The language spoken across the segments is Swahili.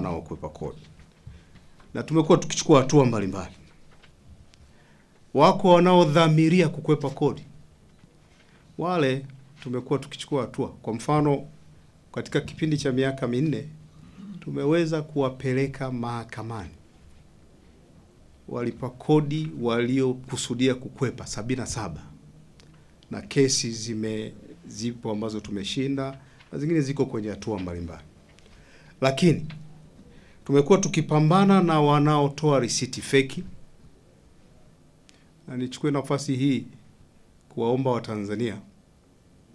na wakwepa kodi, na tumekuwa tukichukua hatua mbalimbali. Wako wanaodhamiria kukwepa kodi, wale tumekuwa tukichukua hatua. Kwa mfano, katika kipindi cha miaka minne tumeweza kuwapeleka mahakamani walipa kodi waliokusudia kukwepa sabini na saba na kesi zime zipo ambazo tumeshinda na zingine ziko kwenye hatua mbalimbali, lakini Tumekuwa tukipambana na wanaotoa risiti feki, na nichukue nafasi hii kuwaomba Watanzania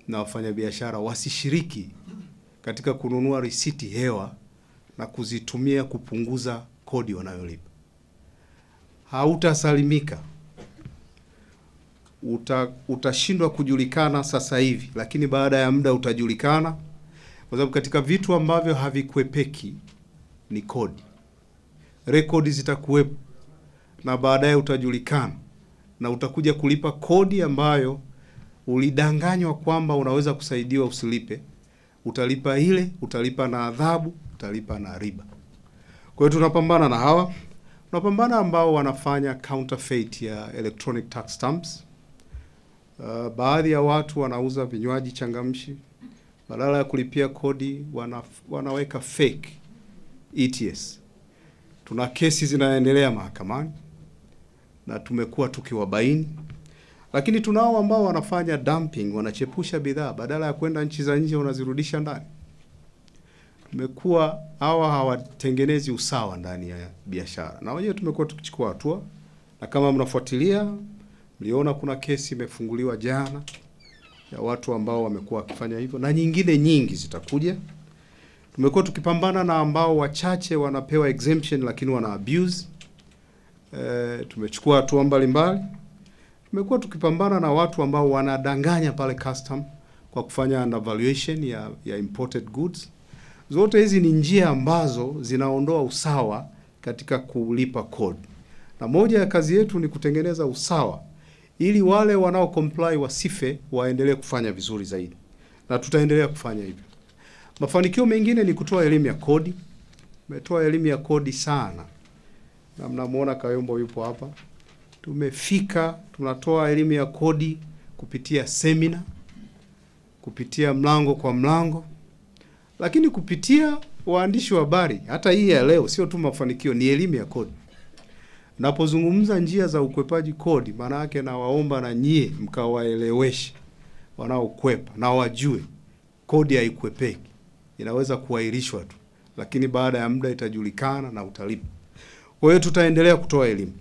na wafanyabiashara wasishiriki katika kununua risiti hewa na kuzitumia kupunguza kodi wanayolipa. Hautasalimika, uta utashindwa kujulikana sasa hivi, lakini baada ya muda utajulikana, kwa sababu katika vitu ambavyo havikwepeki ni kodi. Rekodi zitakuwepo na baadaye utajulikana na utakuja kulipa kodi ambayo ulidanganywa kwamba unaweza kusaidiwa usilipe. Utalipa ile, utalipa na adhabu, utalipa na riba. Kwa hiyo tunapambana na hawa, tunapambana ambao wanafanya counterfeit ya electronic tax stamps. Uh, baadhi ya watu wanauza vinywaji changamshi badala ya kulipia kodi wana, wanaweka fake ETS. Tuna kesi zinaendelea mahakamani na tumekuwa tukiwabaini, lakini tunao ambao wanafanya dumping, wanachepusha bidhaa, badala ya kwenda nchi za nje wanazirudisha ndani. Tumekuwa hawa hawatengenezi usawa ndani ya biashara, na wenyewe tumekuwa tukichukua hatua, na kama mnafuatilia, mliona kuna kesi imefunguliwa jana ya watu ambao wamekuwa wakifanya hivyo, na nyingine nyingi zitakuja. Tumekuwa tukipambana na ambao wachache wanapewa exemption lakini wana abuse. E, tumechukua hatua mbalimbali. Tumekuwa tukipambana na watu ambao wanadanganya pale custom kwa kufanya undervaluation ya, ya imported goods. Zote hizi ni njia ambazo zinaondoa usawa katika kulipa kodi, na moja ya kazi yetu ni kutengeneza usawa ili wale wanao comply wasife, waendelee kufanya vizuri zaidi, na tutaendelea kufanya hivyo. Mafanikio mengine ni kutoa elimu ya kodi. Tumetoa elimu ya kodi sana, na mnamuona Kayombo yupo hapa. Tumefika, tunatoa elimu ya kodi kupitia semina, kupitia mlango kwa mlango, lakini kupitia waandishi wa habari. Hata hii ya leo sio tu mafanikio, ni elimu ya kodi. Napozungumza njia za ukwepaji kodi, maana yake nawaomba na nyie mkawaeleweshe wanaokwepa na wajue kodi haikwepeki inaweza kuahirishwa tu, lakini baada ya muda itajulikana na utalipa. Kwa hiyo tutaendelea kutoa elimu